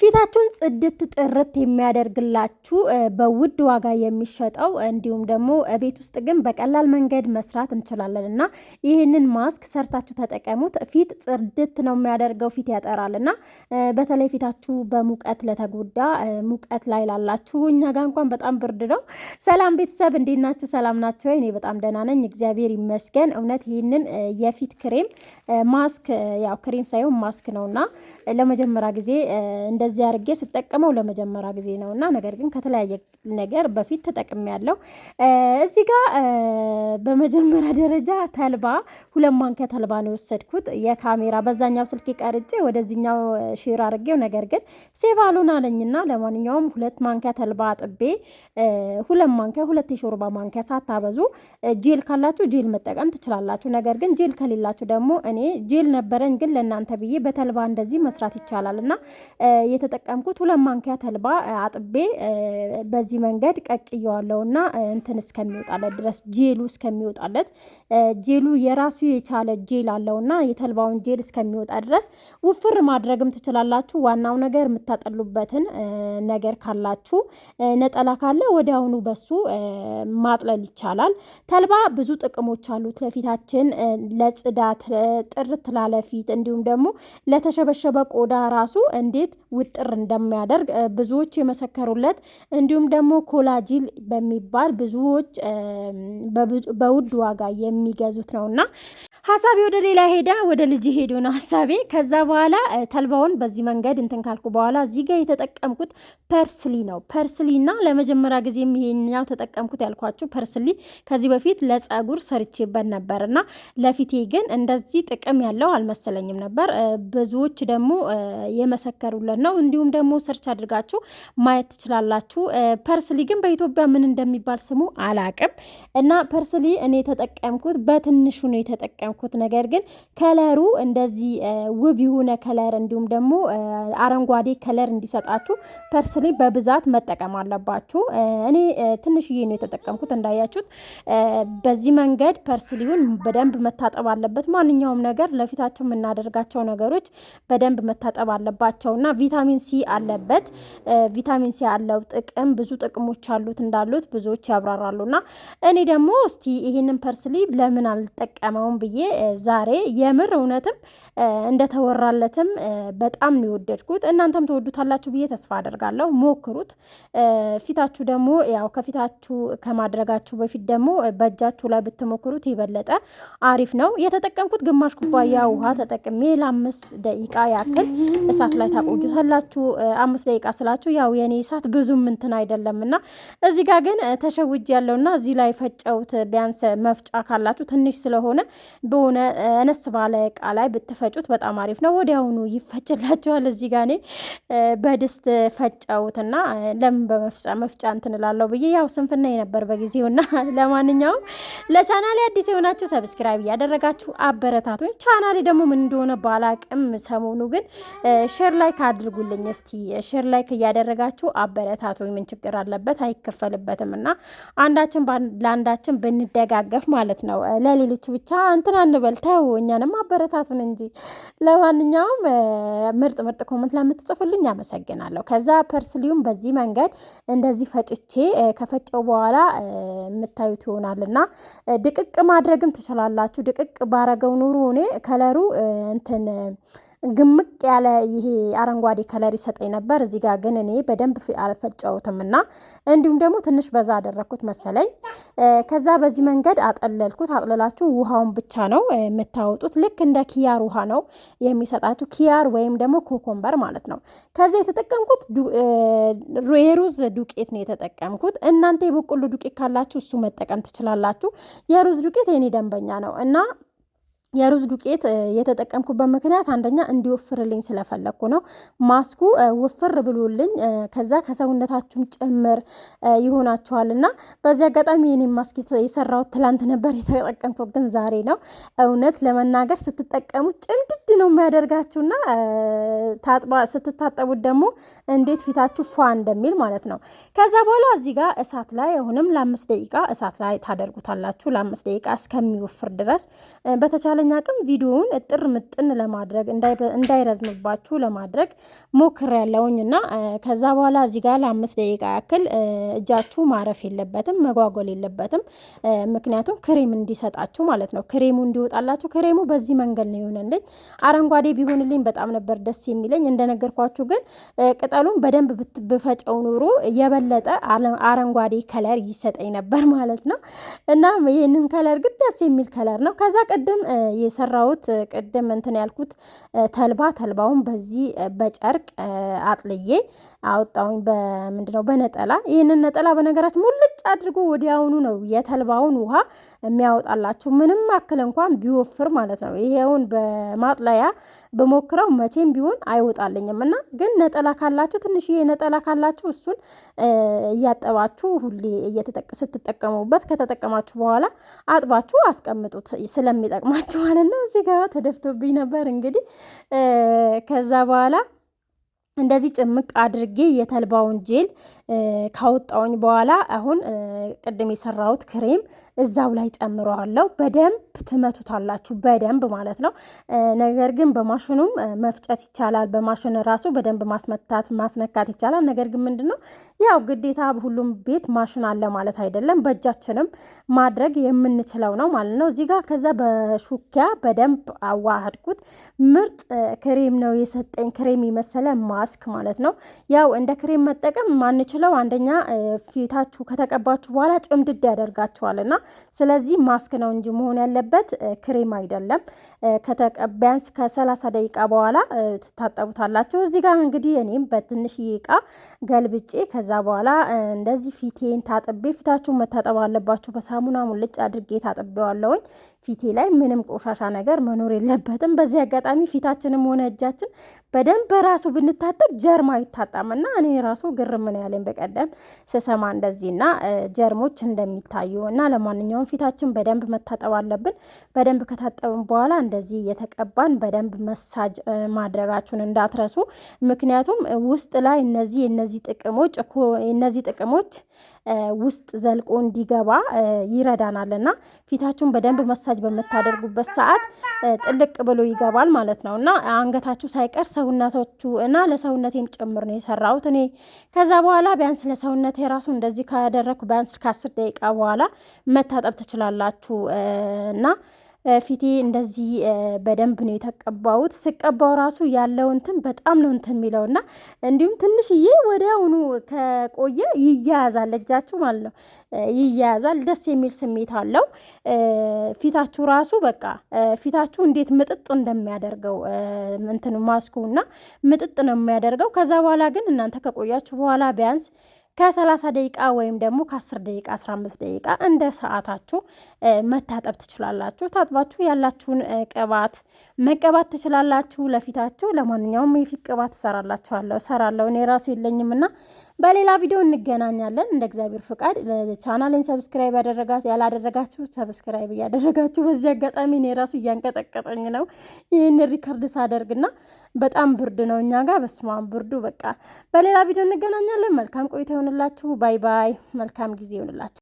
ፊታችሁን ጽድት ጥርት የሚያደርግላችሁ በውድ ዋጋ የሚሸጠው እንዲሁም ደግሞ ቤት ውስጥ ግን በቀላል መንገድ መስራት እንችላለን እና ይህንን ማስክ ሰርታችሁ ተጠቀሙት። ፊት ጽድት ነው የሚያደርገው፣ ፊት ያጠራል እና በተለይ ፊታችሁ በሙቀት ለተጎዳ ሙቀት ላይ ላላችሁ፣ እኛ ጋር እንኳን በጣም ብርድ ነው። ሰላም ቤተሰብ እንዴት ናችሁ? ሰላም ናቸው ወይ? እኔ በጣም ደህና ነኝ፣ እግዚአብሔር ይመስገን። እውነት ይህንን የፊት ክሬም ማስክ ያው ክሬም ሳይሆን ማስክ ነው እና ለመጀመሪያ ጊዜ እንደ እንደዚህ አድርጌ ስጠቀመው ለመጀመሪያ ጊዜ ነው እና ነገር ግን ከተለያየ ነገር በፊት ተጠቅሜ ያለው እዚህ ጋር በመጀመሪያ ደረጃ ተልባ ሁለት ማንኪያ ተልባ ነው የወሰድኩት የካሜራ በዛኛው ስልክ ቀርጬ ወደዚኛው ሼር አድርጌው ነገር ግን ሴቭ አሉን አለኝና ለማንኛውም ሁለት ማንኪያ ተልባ አጥቤ ሁለት ማንኪያ ሁለት የሾርባ ማንኪያ ሳታበዙ ጄል ካላችሁ ጄል መጠቀም ትችላላችሁ። ነገር ግን ጄል ከሌላችሁ ደግሞ እኔ ጄል ነበረኝ ግን ለእናንተ ብዬ በተልባ እንደዚህ መስራት ይቻላል እና የተጠቀምኩት ሁለት ማንኪያ ተልባ አጥቤ በዚህ መንገድ ቀቅየዋለው እና እንትን እስከሚወጣለት ድረስ ጄሉ እስከሚወጣለት ጄሉ የራሱ የቻለ ጄል አለው እና የተልባውን ጄል እስከሚወጣ ድረስ ውፍር ማድረግም ትችላላችሁ። ዋናው ነገር የምታጠሉበትን ነገር ካላችሁ ነጠላ ካለ ወዲያውኑ በሱ ማጥለል ይቻላል። ተልባ ብዙ ጥቅሞች አሉት ለፊታችን፣ ለጽዳት፣ ጥርት ላለፊት እንዲሁም ደግሞ ለተሸበሸበ ቆዳ ራሱ እንዴት እጥር እንደሚያደርግ ብዙዎች የመሰከሩለት እንዲሁም ደግሞ ኮላጂል በሚባል ብዙዎች በውድ ዋጋ የሚገዙት ነውና ሀሳቤ ወደ ሌላ ሄዳ ወደ ልጅ ሄዶ ነው ሀሳቤ። ከዛ በኋላ ተልባውን በዚህ መንገድ እንትን ካልኩ በኋላ እዚህ ጋር የተጠቀምኩት ፐርስሊ ነው። ፐርስሊ እና ለመጀመሪያ ጊዜ ይሄኛው ተጠቀምኩት ያልኳችሁ ፐርስሊ ከዚህ በፊት ለጸጉር ሰርቼበት ነበር እና ለፊቴ ግን እንደዚህ ጥቅም ያለው አልመሰለኝም ነበር። ብዙዎች ደግሞ የመሰከሩለት ነው። እንዲሁም ደግሞ ሰርች አድርጋችሁ ማየት ትችላላችሁ። ፐርስሊ ግን በኢትዮጵያ ምን እንደሚባል ስሙ አላቅም እና ፐርስሊ እኔ የተጠቀምኩት በትንሹ ነው የተጠቀምኩት ያደረግኩት ነገር ግን ከለሩ እንደዚህ ውብ የሆነ ከለር እንዲሁም ደግሞ አረንጓዴ ከለር እንዲሰጣችሁ ፐርስሊ በብዛት መጠቀም አለባችሁ። እኔ ትንሽዬ ነው የተጠቀምኩት እንዳያችሁት። በዚህ መንገድ ፐርስሊውን በደንብ መታጠብ አለበት። ማንኛውም ነገር ለፊታቸው የምናደርጋቸው ነገሮች በደንብ መታጠብ አለባቸው እና ቪታሚን ሲ አለበት። ቪታሚን ሲ አለው ጥቅም ብዙ ጥቅሞች አሉት እንዳሉት ብዙዎች ያብራራሉ እና እኔ ደግሞ እስቲ ይህንን ፐርስሊ ለምን አልጠቀመውም ብዬ ዛሬ የምር እውነትም እንደተወራለትም በጣም ነው የወደድኩት። እናንተም ተወዱታላችሁ ብዬ ተስፋ አደርጋለሁ። ሞክሩት። ፊታችሁ ደግሞ ያው ከፊታችሁ ከማድረጋችሁ በፊት ደግሞ በእጃችሁ ላይ ብትሞክሩት የበለጠ አሪፍ ነው። የተጠቀምኩት ግማሽ ኩባያ ውሃ ተጠቅሜ ለአምስት ደቂቃ ያክል እሳት ላይ ታቆዩታላችሁ። አምስት ደቂቃ ስላችሁ ያው የኔ እሳት ብዙም እንትን አይደለም እና እዚህ ጋር ግን ተሸውጅ ያለውና እዚህ ላይ ፈጨውት ቢያንስ መፍጫ ካላችሁ ትንሽ ስለሆነ በሆነ አነስ ባለ እቃ ላይ ብትፈጩት በጣም አሪፍ ነው። ወዲያውኑ ይፈጭላቸዋል። እዚህ ጋር እኔ በድስት ፈጨውትና ለምን በመፍጫ መፍጫ ብዬ ያው ስንፍና ነበር በጊዜውና። ለማንኛውም ለቻናሌ አዲስ የሆናችሁ ሰብስክራይብ እያደረጋችሁ አበረታቱኝ። ቻናሌ ደግሞ ምን እንደሆነ ባላቅም ሰሞኑ ግን ሼር ላይክ አድርጉልኝ እስቲ ሼር ላይክ እያደረጋችሁ አበረታቱኝ። ምን ችግር አለበት? አይከፈልበትም እና አንዳችን ለአንዳችን ብንደጋገፍ ማለት ነው ለሌሎች ብቻ እንትን አንበል ተው፣ እኛንም አበረታቱን እንጂ። ለማንኛውም ምርጥ ምርጥ ኮመንት ለምትጽፉልኝ አመሰግናለሁ። ከዛ ፐርስሊውም በዚህ መንገድ እንደዚህ ፈጭቼ ከፈጨው በኋላ የምታዩት ይሆናል እና ድቅቅ ማድረግም ትችላላችሁ። ድቅቅ ባረገው ኑሮ እኔ ከለሩ እንትን ግምቅ ያለ ይሄ አረንጓዴ ከለር ይሰጠኝ ነበር። እዚህ ጋር ግን እኔ በደንብ አልፈጨውትም እና እንዲሁም ደግሞ ትንሽ በዛ አደረግኩት መሰለኝ። ከዛ በዚህ መንገድ አጠለልኩት። አጥለላችሁ ውሃውን ብቻ ነው የምታወጡት። ልክ እንደ ኪያር ውሃ ነው የሚሰጣችሁ። ኪያር ወይም ደግሞ ኮኮምበር ማለት ነው። ከዚህ የተጠቀምኩት የሩዝ ዱቄት ነው የተጠቀምኩት። እናንተ የበቆሎ ዱቄት ካላችሁ እሱ መጠቀም ትችላላችሁ። የሩዝ ዱቄት የኔ ደንበኛ ነው እና የሩዝ ዱቄት የተጠቀምኩበት ምክንያት አንደኛ እንዲወፍርልኝ ስለፈለግኩ ነው። ማስኩ ውፍር ብሎልኝ ከዛ ከሰውነታችሁም ጭምር ይሆናችኋል እና በዚህ አጋጣሚ የኔ ማስክ የሰራሁት ትላንት ነበር የተጠቀምኩት፣ ግን ዛሬ ነው። እውነት ለመናገር ስትጠቀሙ ጭምድድ ነው የሚያደርጋችሁና ስትታጠቡት ደግሞ እንዴት ፊታችሁ ፏ እንደሚል ማለት ነው። ከዛ በኋላ እዚህ ጋር እሳት ላይ አሁንም ለአምስት ደቂቃ እሳት ላይ ታደርጉታላችሁ። ለአምስት ደቂቃ እስከሚወፍር ድረስ በተቻለ በተቻለኝ አቅም ቪዲዮውን እጥር ምጥን ለማድረግ እንዳይረዝምባችሁ ለማድረግ ሞክሬያለሁኝ እና ከዛ በኋላ እዚህ ጋር ለአምስት ደቂቃ ያክል እጃችሁ ማረፍ የለበትም መጓጎል የለበትም። ምክንያቱም ክሬም እንዲሰጣችሁ ማለት ነው። ክሬሙ እንዲወጣላችሁ ክሬሙ በዚህ መንገድ ነው የሆነልኝ። አረንጓዴ ቢሆንልኝ በጣም ነበር ደስ የሚለኝ። እንደነገርኳችሁ ግን ቅጠሉን በደንብ ብፈጨው ኑሮ የበለጠ አረንጓዴ ከለር ይሰጠኝ ነበር ማለት ነው እና ይህንን ከለር ግን ደስ የሚል ከለር ነው። ከዛ ቅድም የሰራሁት ቅድም እንትን ያልኩት ተልባ ተልባውን በዚህ በጨርቅ አጥልዬ አወጣሁኝ። ነው በነጠላ ይህንን ነጠላ በነገራችን ሙልጭ አድርጎ ወዲያውኑ ነው የተልባውን ውሃ የሚያወጣላችሁ ምንም አክል እንኳን ቢወፍር ማለት ነው። ይሄውን በማጥለያ በሞክረው መቼም ቢሆን አይወጣልኝም እና ግን ነጠላ ካላችሁ ይሄ ነጠላ ካላችሁ እሱን እያጠባችሁ ሁሌ ስትጠቀሙበት ከተጠቀማችሁ በኋላ አጥባችሁ አስቀምጡት ስለሚጠቅማችሁ ማለት ነው። እዚህ ጋር ተደፍቶብኝ ነበር እንግዲህ ከዛ በኋላ እንደዚህ ጭምቅ አድርጌ የተልባውን ጄል ካወጣውኝ በኋላ አሁን ቅድም የሰራሁት ክሬም እዛው ላይ ጨምረዋለሁ። በደንብ ትመቱታላችሁ፣ በደንብ ማለት ነው። ነገር ግን በማሽኑም መፍጨት ይቻላል። በማሽን ራሱ በደንብ ማስመታት ማስነካት ይቻላል። ነገር ግን ምንድን ነው ያው ግዴታ ሁሉም ቤት ማሽን አለ ማለት አይደለም። በእጃችንም ማድረግ የምንችለው ነው ማለት ነው። እዚህ ጋር ከዛ በሹኪያ በደንብ አዋህድኩት። ምርጥ ክሬም ነው የሰጠኝ። ክሬም የመሰለ ማ ማስክ ማለት ነው። ያው እንደ ክሬም መጠቀም ማንችለው አንደኛ ፊታችሁ ከተቀባችሁ በኋላ ጭምድድ ያደርጋችኋል እና ስለዚህ ማስክ ነው እንጂ መሆን ያለበት ክሬም አይደለም። ቢያንስ ከሰላሳ ደቂቃ በኋላ ትታጠቡታላችሁ። እዚህ ጋር እንግዲህ እኔም በትንሽዬ እቃ ገልብጬ ከዛ በኋላ እንደዚህ ፊቴን ታጥቤ ፊታችሁን መታጠብ አለባችሁ። በሳሙና ሙልጭ አድርጌ ታጥቤዋለሁኝ። ፊቴ ላይ ምንም ቆሻሻ ነገር መኖር የለበትም። በዚህ አጋጣሚ ፊታችንም ሆነ እጃችን በደንብ በራሱ ብንታጠብ ጀርም አይታጣም እና እኔ ራሱ ግርም ነው ያለኝ በቀደም ስሰማ እንደዚህና ጀርሞች እንደሚታዩ እና ለማንኛውም ፊታችን በደንብ መታጠብ አለብን። በደንብ ከታጠብን በኋላ እንደዚህ እየተቀባን በደንብ መሳጅ ማድረጋችሁን እንዳትረሱ። ምክንያቱም ውስጥ ላይ እነዚህ እነዚህ ጥቅሞች እነዚህ ጥቅሞች ውስጥ ዘልቆ እንዲገባ ይረዳናል እና ፊታችሁን በደንብ መሳጅ በምታደርጉበት ሰዓት ጥልቅ ብሎ ይገባል ማለት ነው እና አንገታችሁ ሳይቀር ሰውነቶቹ እና ለሰውነቴም ጭምር ነው የሰራሁት እኔ። ከዛ በኋላ ቢያንስ ለሰውነቴ ራሱ እንደዚህ ካደረግኩ ቢያንስ ከአስር ደቂቃ በኋላ መታጠብ ትችላላችሁ እና ፊቴ እንደዚህ በደንብ ነው የተቀባሁት። ስቀባው ራሱ ያለው እንትን በጣም ነው እንትን የሚለው እና እንዲሁም ትንሽዬ ወዲያውኑ ከቆየ ይያያዛል፣ እጃችሁ ማለት ነው ይያያዛል። ደስ የሚል ስሜት አለው። ፊታችሁ ራሱ በቃ ፊታችሁ እንዴት ምጥጥ እንደሚያደርገው እንትኑ ማስኩ እና ምጥጥ ነው የሚያደርገው። ከዛ በኋላ ግን እናንተ ከቆያችሁ በኋላ ቢያንስ ከሰላሳ ደቂቃ ወይም ደግሞ ከ ደቂቃ ደቂቃ አምስት ደቂቃ እንደ ሰዓታችሁ መታጠብ ትችላላችሁ። ታጥባችሁ ያላችሁን ቅባት መቀባት ትችላላችሁ ለፊታችሁ። ለማንኛውም የፊት ቅባት እሰራላችኋለሁ እሰራለሁ እኔ ራሱ የለኝም እና በሌላ ቪዲዮ እንገናኛለን እንደ እግዚአብሔር ፍቃድ። ቻናልን ሰብስክራይብ ያላደረጋችሁ ሰብስክራይብ እያደረጋችሁ፣ በዚህ አጋጣሚ እኔ ራሱ እያንቀጠቀጠኝ ነው ይህን ሪከርድ ሳደርግና በጣም ብርድ ነው እኛ ጋር በስማ ብርዱ በቃ። በሌላ ቪዲዮ እንገናኛለን። መልካም ቆይታ ይሁንላችሁ። ባይ ባይ። መልካም ጊዜ ይሁንላችሁ።